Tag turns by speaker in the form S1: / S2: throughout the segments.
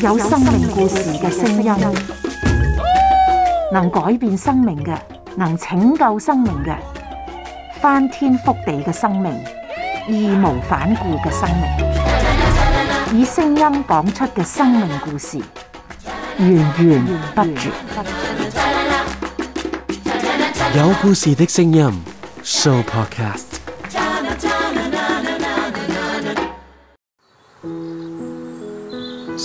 S1: 有生命故事嘅聲音，能改變生命嘅，能拯救生命嘅，翻天覆地嘅生命，義無反顧嘅生命，以聲音講出嘅生命故事，源源不絕。有故
S2: 事嘅聲音，Show Podcast。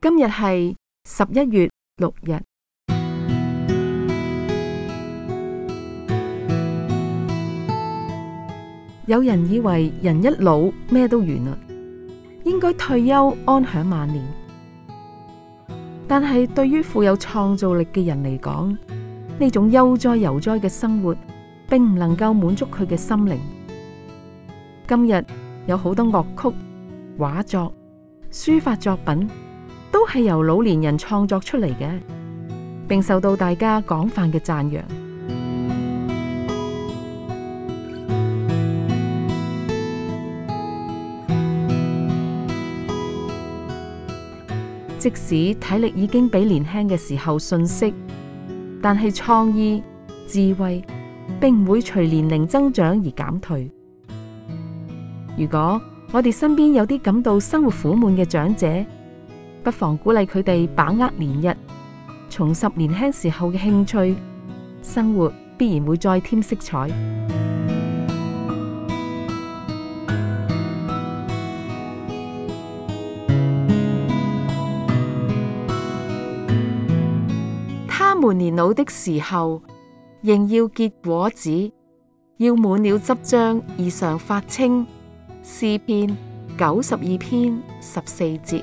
S1: 今日係十一月六日。有人以為人一老咩都完嘞，應該退休安享晚年。但係對於富有創造力嘅人嚟講，呢種悠哉游哉嘅生活，並唔能夠滿足佢嘅心靈。今日有好多樂曲、畫作、書法作品。都係由老年人創作出嚟嘅，並受到大家廣泛嘅讚揚。 即使體力已經比年輕嘅時候遜色，但係創意、智慧並唔會隨年齡增長而減退。如果我哋身邊有啲感到生活苦悶嘅長者，不妨鼓勵佢哋把握年日，重拾年輕時候嘅興趣，生活必然會再添色彩。 他們年老的時候，仍要結果子，要滿了汁漿而常發青。詩篇九十二篇十四節。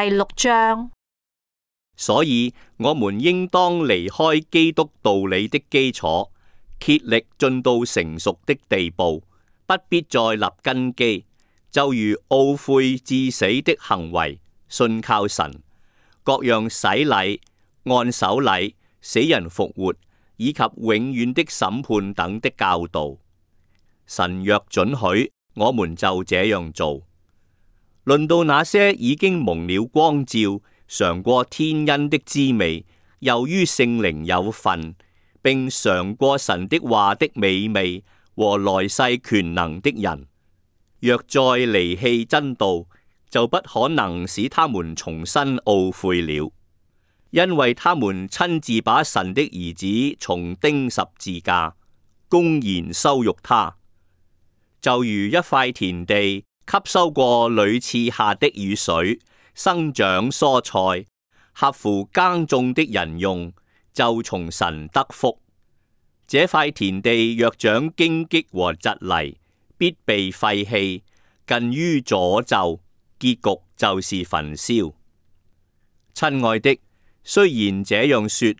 S1: 第六章，
S3: 所以我們應當離開基督道理的基礎，竭力進到成熟的地步，不必再立根基。就如懊悔致死的行為，信靠神，各樣洗禮，按手禮，死人復活，以及永遠的審判等的教導，神若准許，我們就這樣做。論到那些已經蒙了光照、嘗過天恩的滋味、由於聖靈有份，並嘗過神的話的美味和來世權能的人，若再離棄真道，就不可能使他們重新懊悔了，因為他們親自把神的兒子重釘十字架，公然羞辱他，就如一塊田地。吸收過屢次下的雨水，生長蔬菜，合乎耕種的人用，就從神得福。這塊田地若長荊棘和蒺藜，必被廢棄，近於詛咒，結局就是焚燒。親愛的，雖然這樣說，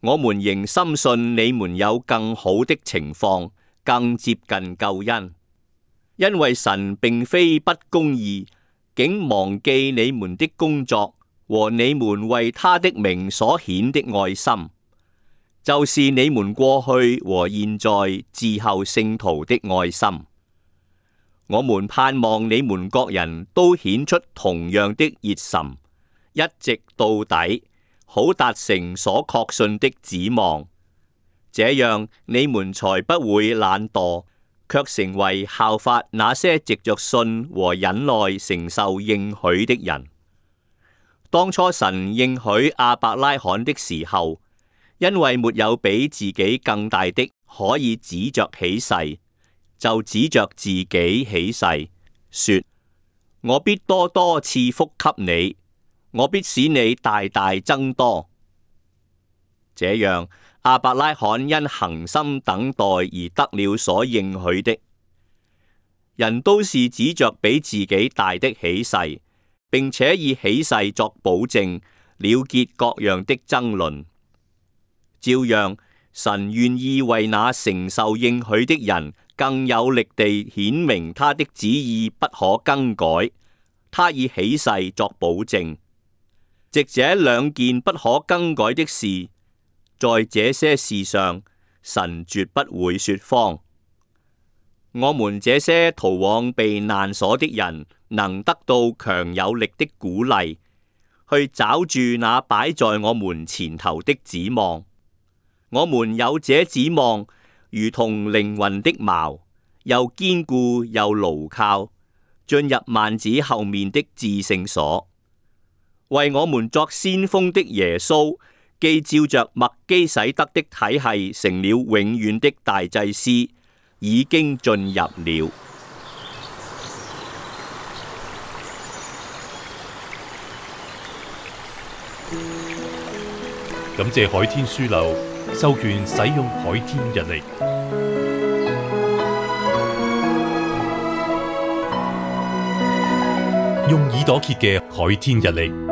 S3: 我們仍深信你們有更好的情況，更接近救恩。因為神並非不公義，竟忘記你們的工作和你們為他的名所顯的愛心，就是你們過去和現在侍候聖徒的愛心。我們盼望你們各人都顯出同樣的熱忱，一直到底，好達成所確信的指望，這樣你們才不會懶惰。卻成為效法那些執着信和忍耐承受應許的人。當初神應許阿伯拉罕的時候，因為沒有比自己更大的可以指着起誓，就指着自己起誓，說：我必多多賜福給你，我必使你大大增多。這樣。阿伯拉罕因恆心等待而得了所應許的人，都是指着比自己大的起誓，並且以起誓作保證，了結各樣的爭論。照樣，神願意為那承受應許的人更有力地顯明他的旨意不可更改，他以起誓作保證，藉這兩件不可更改的事。在這些事上，神絕不會說謊。我們這些逃往避難所的人，能得到強有力的鼓勵，去抓住那擺在我們前頭的指望。我們有這指望，如同靈魂的錨，又堅固又牢靠，進入幔子後面的至聖所。為我們作先鋒的耶穌。既照着麥基洗德的體系，成了永遠的大祭司，已經進入了。
S4: 感謝海天書樓授權使用海天日曆，用耳朵揭嘅海天日曆。